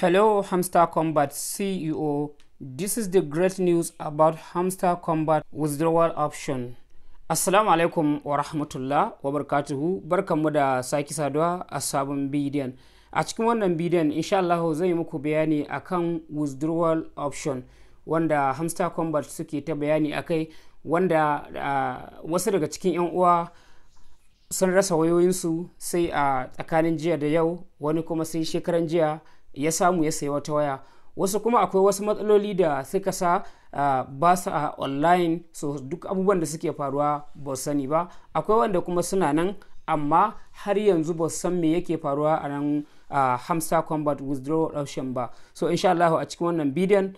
Hello Hamster Combat CEO. This is the great news about Hamster Combat withdrawal option. Assalamu alaikum wa rahmatullah wa barakatuhu barkanmu da sake saduwa a sabon bidiyon. A cikin wannan bidiyon insha Allah zai muku bayani akan withdrawal option wanda Hamster Combat suke ta bayani akai wanda uh, wasu daga cikin 'yan uwa sun rasa wayoyinsu sai a uh, tsakanin jiya da yau wani kuma sai shekaran jiya ya samu ya sayi wata waya wasu kuma akwai wasu matsaloli da suka sa ba su a online so duk abubuwan da suke faruwa ba sani ba akwai wanda kuma suna nan amma har yanzu ba san me yake faruwa a nan hamsa combat withdrawal option ba so insha Allah a cikin wannan bidiyon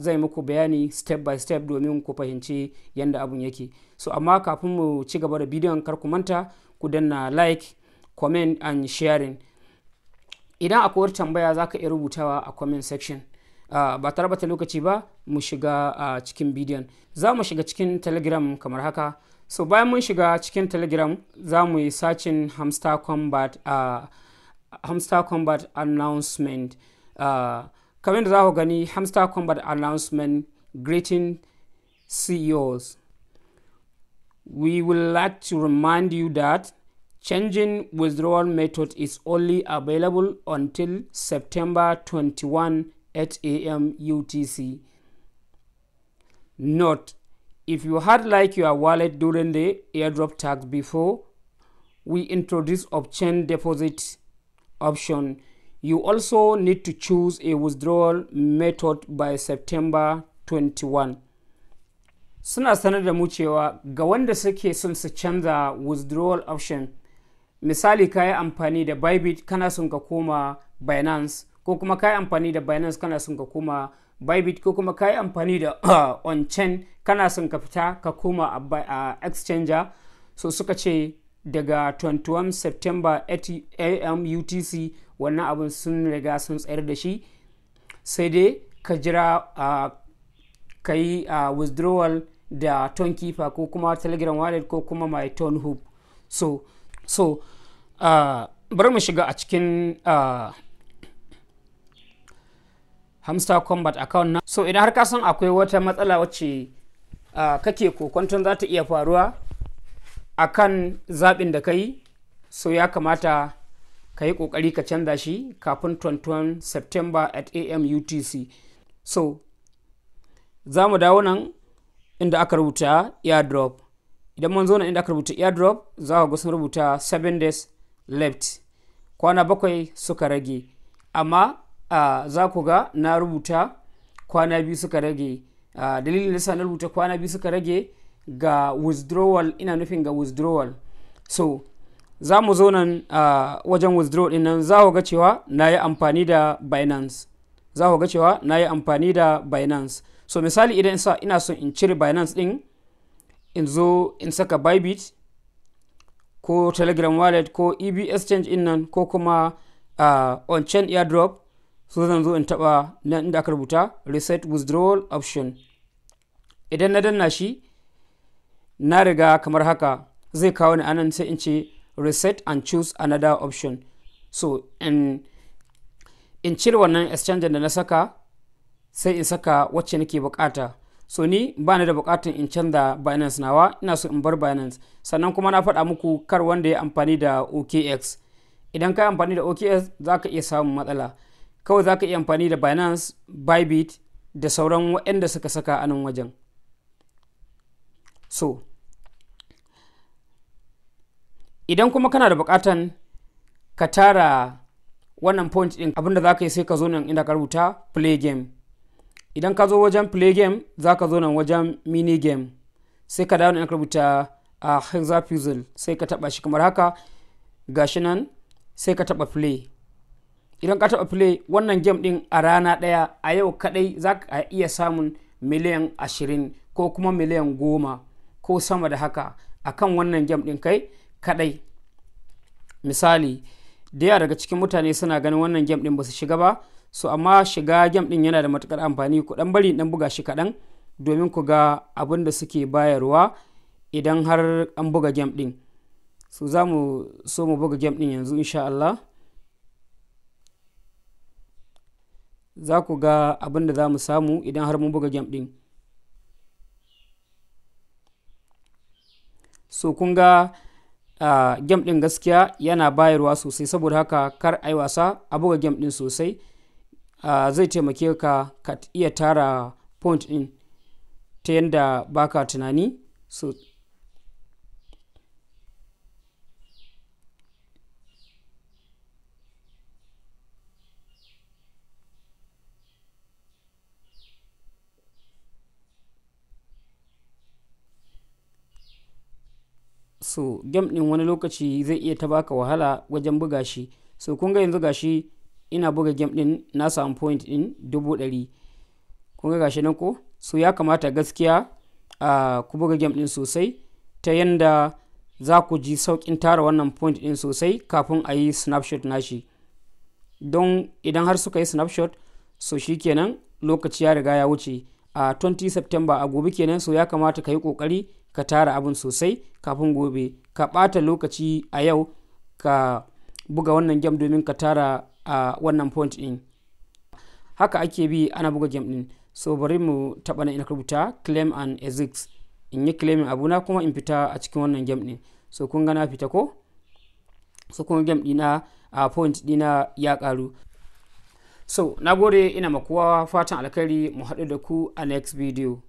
zai muku bayani step by step domin ku fahimci yadda abun yake so amma kafin mu ci gaba da bidiyon kar ku manta ku danna like comment and sharing idan akwai wata tambaya za ka iya rubutawa a comment section Uh, ba tare ta lokaci ba mu shiga uh, cikin bidiyon za mu shiga cikin telegram kamar haka so bayan mun shiga cikin telegram za mu yi sacin hamster combat uh, hamster announcement uh, kamar da za ku gani hamster combat announcement greeting ceos we will like to remind you that Changing withdrawal method is only available until September 21 at a.m. UTC. Note, if you had like your wallet during the airdrop tax before, we introduce option deposit option. You also need to choose a withdrawal method by September 21. Suna sanar da mu cewa ga wanda suke son su canza withdrawal option misali ka yi amfani da bybit kana son ka koma binance ko kuma ka yi amfani da binance kana son ka koma bybit ko kuma ka yi amfani da on-chain kana son ka fita ka koma a exchanger so suka ce daga 21 september 8 am utc wannan abin sun riga sun tsayar da shi sai dai ka jira ka yi withdrawal da tonkeeper ko kuma telegram wallet ko kuma my tone hub so so Ah, bari mu shiga a cikin ah, hamster combat account na so idan har ka san akwai wata matsala wacce ah, kake kokonton za ta iya faruwa a kan zaɓin da ka so ya kamata ka yi ƙoƙari ka canza shi kafin 21 september at am utc so za mu dawo nan inda aka rubuta airdrop idan mun zo nan inda aka rubuta airdrop za ku ga rubuta 7 days left kwana bakwai suka rage amma uh, za ku ga na rubuta kwana biyu suka rage uh, dalilin da na rubuta kwana biyu suka rage ga withdrawal ina nufin ga withdrawal so za mu zo nan uh, wajen withdrawal dinnan nan za ku ga cewa na yi amfani da binance za ku ga cewa na yi amfani da binance so misali idan ina so in cire binance din in zo in saka bybit ko telegram wallet ko ebs change in nan ko kuma uh, on chain airdrop so zan zo in taba nan inda aka rubuta reset withdrawal option idan na danna shi na riga kamar haka zai kawo ni anan sai in ce reset and choose another option so in in cire wannan exchange da na saka sai in saka wacce nake bukata so ni ba ni da bukatun in canza binance nawa ina so in bar binance sannan kuma na faɗa muku kar wanda ya amfani da okx idan ka amfani da okx za ka iya samun matsala kawai za ka iya amfani da binance bybit da sauran waɗanda suka saka a nan wajen so idan kuma kana da bukatan ka tara wannan point din abinda za ka yi sai ka zo nan inda ka rubuta play game idan ka zo wajen play game za ka zo nan wajen mini game sai ka dawo na rubuta a hexa puzzle sai ka taba shi kamar haka gashi nan sai ka taba play idan ka taba play wannan game din a rana daya a yau kadai za ka iya samun miliyan ashirin ko kuma miliyan goma ko sama da haka a kan wannan game din kai kadai misali da yawa daga cikin mutane suna ganin wannan game din ba su shiga ba so amma shiga game din yana da matukar amfani ku dan bari dan buga shi kadan domin ku ga abin da suke bayarwa idan har an buga game din so za mu so mu buga game din yanzu insha Allah za ku ga abin da za mu samu idan har mun buga game din so kun ga uh, game din gaskiya yana bayarwa sosai saboda haka kar ai wasa a buga game din sosai Ah, zai taimake ka ka iya tara point din ta yadda baka tunani so so game ɗin wani lokaci zai iya ta baka wahala wajen buga shi so kun ga yanzu gashi ina buga game din na samu point din dubu ɗari kun ga gashi nan ko so ya kamata gaskiya a ku buga game din sosai ta yanda za ku ji saukin tara wannan point din sosai kafin a yi snapshot nashi don idan har suka yi snapshot so shi kenan lokaci ya riga ya wuce a 20 september a gobe kenan so ya kamata ka yi ƙoƙari ka tara abin sosai kafin gobe ka ɓata lokaci a yau ka buga wannan game domin ka tara a wannan point din haka ake bi ana buga game din so bari mu taba na ina rubuta claim and exit in yi claiming abuna kuma in fita a cikin wannan game din so kun ga fita ko so kuma game dina a point dina ya karu so nagode ina makuwa fatan alkhairi mu haɗu da ku a next video